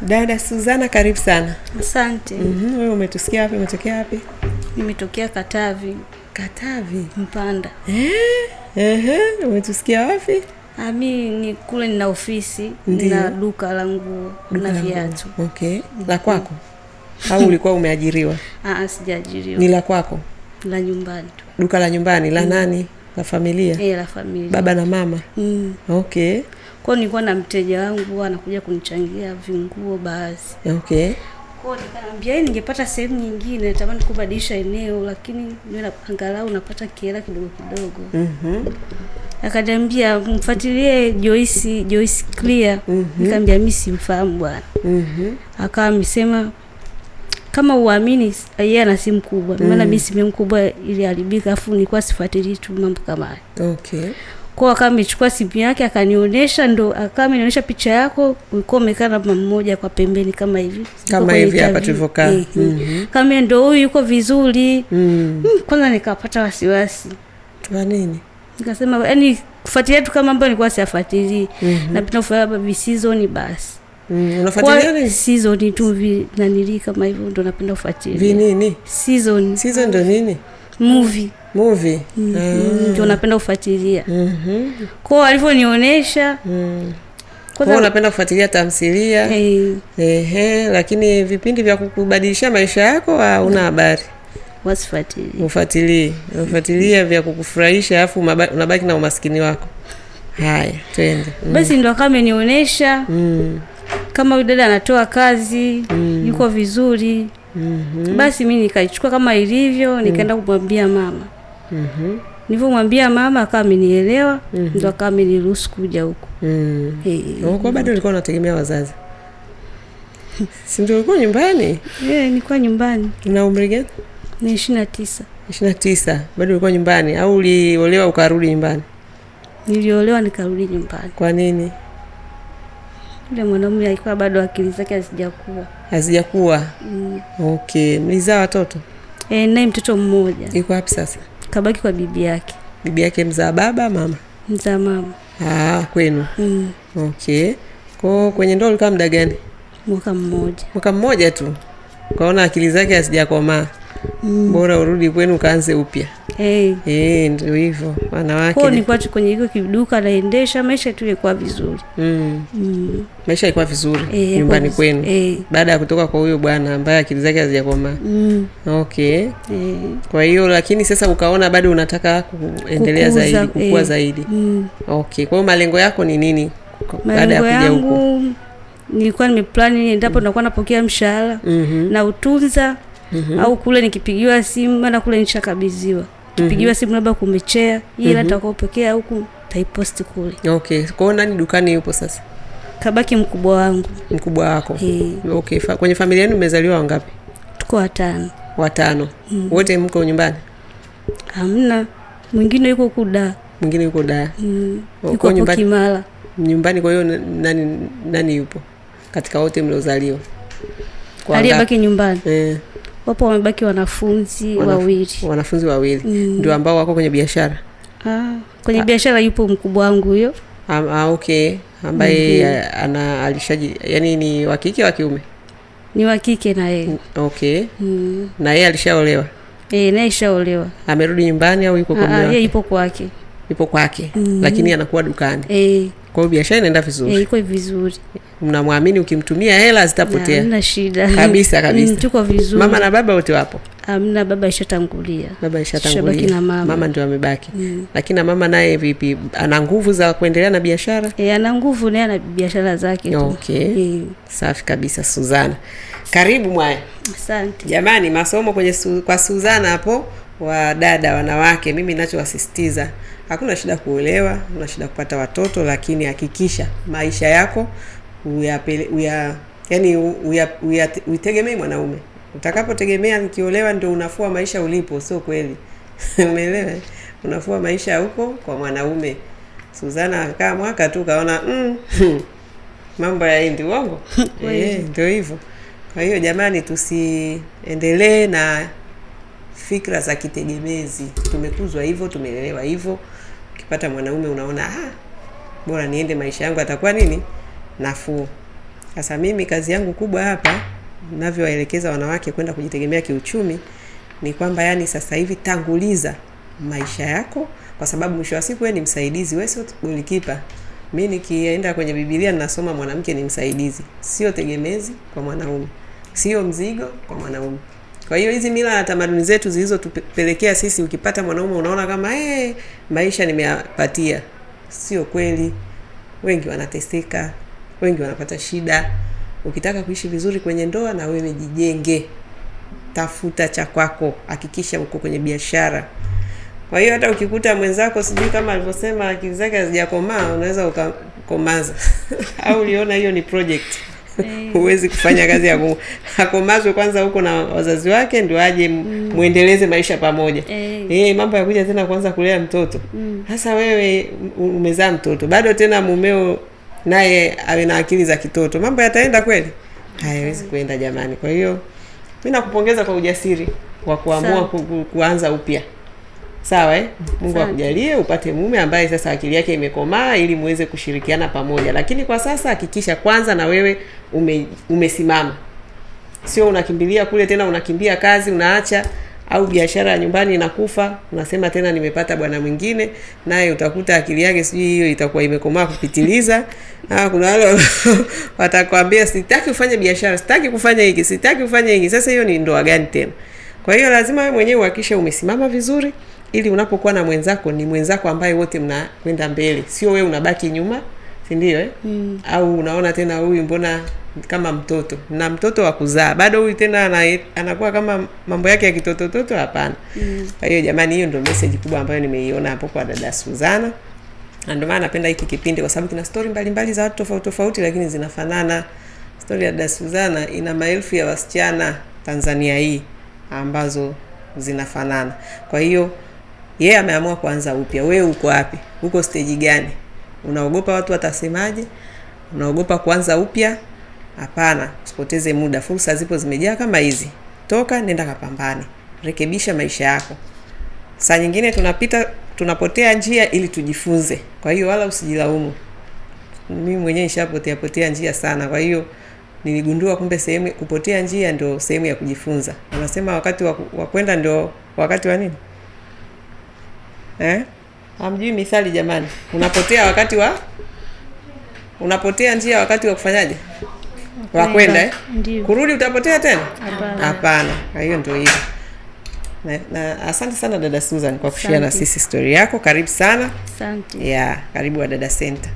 Dada Suzana karibu sana. Asante. Mm -hmm. Wewe umetusikia wapi? Umetokea wapi? Nimetokea Katavi. Katavi? Mpanda. Eh? Eh, umetusikia wapi? Ami ni kule nina ofisi, nina duka la nguo na viatu. Okay. Mhm. La kwako? Au ulikuwa umeajiriwa? Ah, ah, sijaajiriwa. Ni la kwako? La nyumbani tu. Duka la nyumbani la mm. nani? La familia? Eh, la familia. Baba na mama. Mm. Okay. Kwa hiyo nilikuwa na mteja wangu anakuja kunichangia vinguo baadhi. Okay. Kwa hiyo nikamwambia yeye, yaani ningepata sehemu nyingine, natamani kubadilisha eneo, lakini niwe angalau napata kihela kidogo kidogo. Mhm. Akaniambia mfuatilie Joyce, Joyce Clear. Mm -hmm. Nikamwambia mimi simfahamu bwana. Mhm. Akawa amesema kama uamini yeye ana simu kubwa, maana mm. mimi simu kubwa iliharibika, afu nilikuwa sifuatilii tu mambo kama hayo. Okay kwao, akawa amechukua simu yake akanionyesha, ndo akawa amenionyesha picha yako, ulikuwa umekaa na mama mmoja kwa pembeni kama hivi kama hivi hapa tulivyokaa, mm -hmm. kama ndo huyu yuko vizuri mm. mm, kwanza nikapata wasiwasi kwa nini nikasema, yani kufuatilia tu kama ambayo nilikuwa siafuatilii mm -hmm. napenda kufuatilia baby season basi Mm, unafuatilia nini? Season tu vi nanili kama hivyo ndo napenda kufuatilia. Vi nini? Season. Season ndo nini? movie movie mm, mm. mm ndio napenda kufuatilia mm-hmm. mm -hmm. kwao walivyonionyesha mm. unapenda kufuatilia tamthilia hey. Ehe, lakini vipindi vya kukubadilishia maisha yako hauna habari, wasifuatilie. Ufuatilie, ufuatilia vya kukufurahisha, alafu unabaki na umaskini wako. Haya, twende mm. Basi ndo akawa amenionyesha mm. kama huyu dada anatoa kazi mm. yuko vizuri mm -hmm. Basi mi nikaichukua kama ilivyo, nikaenda mm -hmm. kumwambia mama mm -hmm. Nilivyomwambia mama akawa amenielewa mm -hmm. Ndo akawa ameniruhusu kuja huku mm. Hey, eh, eh, bado eh. ulikuwa unategemea wazazi si ndio? Ulikuwa nyumbani? Yeah, nilikuwa nyumbani. Na umri gani? Ni ishirini na tisa. ishirini na tisa, bado ulikuwa nyumbani au uliolewa ukarudi nyumbani? Niliolewa nikarudi nyumbani. Kwa nini? Yule mwanaume alikuwa bado akili zake hazijakuwa hazijakuwa. Mm. Okay, mlizaa watoto e? Naye mtoto mmoja. Yuko wapi sasa? Kabaki kwa bibi yake. Bibi yake mzaa baba mama? Mzaa mama. Ah, kwenu. Mm. Okay, Kwa kwenye ndoa ulikaa muda gani? Mwaka mmoja. Mwaka mmoja tu ukaona akili zake hazijakomaa? Mm. Bora urudi kwenu ukaanze upya hey. Hey, eh, ndio hivyo wanawake ni kwatu kwenye hiko kiduka naendesha maisha tu yakuwa vizuri mm. Mm. maisha ilikuwa vizuri hey, eh, nyumbani kwenu hey. Eh. baada ya kutoka kwa huyo bwana ambaye akili zake hazijakomaa mm. okay hey. kwa hiyo lakini sasa ukaona bado unataka kuendelea Kukuza, zaidi kukua hey. zaidi mm. okay kwa hiyo malengo yako ni nini baada ya kuja huko? Nilikuwa nimeplani endapo mm. nakuwa napokea mshahara mm -hmm. na utunza mm -hmm. au kule nikipigiwa simu maana kule nishakabidhiwa tupigiwe mhm. simu labda kumechea ila mhm. takaopokea huku taiposti kule okay kwao nani dukani yupo sasa kabaki mkubwa wangu mkubwa wako hey. okay Fa- kwenye familia yenu mmezaliwa wangapi tuko watano watano mm. wote mko nyumbani hamna mwingine yuko kuda mwingine yuko da mm. yuko nyumbani kimala nyumbani kwa hiyo nani nani yupo katika wote mliozaliwa aliyebaki nyumbani eh wapo wamebaki wanafunzi Wanaf wawili, wanafunzi wawili mm. ndio ambao wako kwenye biashara ah, kwenye ah. biashara yupo mkubwa wangu huyo ah, ah okay ambaye mm -hmm. ana alishaji yani ni wa kike wa kiume ni wa kike na yeye mm, okay mm. na yeye alishaolewa eh naye ishaolewa amerudi nyumbani au yuko ah, kwa yeye yupo kwake yupo kwake mm. lakini anakuwa dukani eh kwa hiyo biashara inaenda vizuri. Eh, iko vizuri. Mnamwamini ukimtumia hela zitapotea. Hamna shida. Kabisa mm, kabisa. Tuko vizuri. Mama na baba wote wapo. Hamna, baba ishatangulia. Baba ishatangulia. Mama, mama ndio amebaki. Mm. Lakini na mama naye vipi? Ana nguvu za kuendelea na biashara? Eh, ana nguvu naye na biashara zake tu. Okay. E. Safi kabisa Suzana. Karibu mwaya. Asante. Jamani, masomo kwenye su, kwa Suzana hapo wa dada wanawake, mimi ninachowasisitiza hakuna shida kuolewa, una shida kupata watoto, lakini hakikisha maisha yako uyapele, uya, yani uya, uya, uitegemee mwanaume. Utakapotegemea nikiolewa ndio unafua maisha ulipo, sio kweli. Umeelewa? unafua maisha huko kwa mwanaume. Suzana akaa mwaka tu kaona mm, mambo yaendi uongo. Eh, ndio hivyo. Kwa hiyo jamani, tusiendelee na fikra za kitegemezi. Tumekuzwa hivyo, tumelelewa hivyo. Ukipata mwanaume unaona ah, bora niende maisha yangu atakuwa nini nafuu. Sasa mimi kazi yangu kubwa hapa ninavyowaelekeza wanawake kwenda kujitegemea kiuchumi ni kwamba yani, sasa hivi tanguliza maisha yako, kwa sababu mwisho wa siku wewe ni msaidizi, wewe sio golikipa. Mimi nikienda kwenye Biblia ninasoma mwanamke ni msaidizi, sio tegemezi kwa mwanaume, sio mzigo kwa mwanaume. Kwa hiyo hizi mila na tamaduni zetu zilizotupelekea sisi, ukipata mwanaume unaona kama hey, eh, maisha nimeyapatia. Sio kweli, wengi wanateseka, wengi wanapata shida. Ukitaka kuishi vizuri kwenye ndoa, na wewe jijenge, tafuta cha kwako, hakikisha uko kwenye biashara. Kwa hiyo hata ukikuta mwenzako sijui kama alivyosema akili zake hazijakomaa, unaweza ukakomaza au uliona hiyo ni project. Eh. huwezi kufanya kazi ya ku, akomazwe kwanza huko na wazazi wake ndio aje mm. muendeleze maisha pamoja eh, hey, eh, mambo ya kuja tena kuanza kulea mtoto sasa mm. wewe umezaa mtoto bado tena mumeo naye awe na akili za kitoto, mambo yataenda kweli? Hayawezi mm. kuenda jamani. Kwa hiyo mi nakupongeza kwa ujasiri wa kuamua ku, kuanza upya. Sawa eh? Mungu akujalie upate mume ambaye sasa akili yake imekomaa ili muweze kushirikiana pamoja, lakini kwa sasa hakikisha kwanza na wewe ume, umesimama, sio unakimbilia kule tena, unakimbia kazi unaacha, au biashara ya nyumbani inakufa, unasema tena nimepata bwana mwingine, naye utakuta akili yake sijui hiyo itakuwa imekomaa kupitiliza. Ah, kuna wale watakwambia sitaki ufanye biashara, sitaki kufanya hiki, sitaki ufanye hiki. Sasa hiyo ni ndoa gani tena? Kwa hiyo lazima wewe mwenyewe uhakikishe umesimama vizuri ili unapokuwa na mwenzako ni mwenzako ambaye wote mnakwenda mbele, sio wewe unabaki nyuma, sindio eh? Mm. Au unaona tena huyu mbona kama mtoto na mtoto wa kuzaa bado huyu tena anakuwa kama mambo yake ya kitotototo. Hapana. Mm. kwa Mm. hiyo jamani, hiyo ndio message kubwa ambayo nimeiona hapo kwa dada Suzana, na ndio maana napenda hiki kipindi kwa sababu kina story mbalimbali za watu tofauti tofauti, lakini zinafanana. Story ya dada Suzana ina maelfu ya wasichana Tanzania hii ambazo zinafanana, kwa hiyo yeye yeah, ameamua kuanza upya. Wewe uko wapi? Uko stage gani? Unaogopa watu watasemaje? Unaogopa kuanza upya? Hapana, usipoteze muda, fursa zipo zimejaa kama hizi. Toka nenda kapambane, rekebisha maisha yako. Saa nyingine tunapita tunapotea njia ili tujifunze, kwa hiyo wala usijilaumu. Mimi mwenyewe nishapotea potea njia sana, kwa hiyo niligundua kumbe sehemu kupotea njia ndio sehemu ya kujifunza. Anasema wakati wa kwenda ndio wakati wa nini eh? Hamjui mithali jamani, unapotea wakati wa unapotea njia wakati wa kufanyaje wa kwenda eh? Kurudi utapotea tena? Hapana. Ah, hiyo ndio hivyo. Na, na asante sana dada Susan kwa kushare na sisi story yako. Karibu sana. Asante. Yeah, karibu wa Dada Center.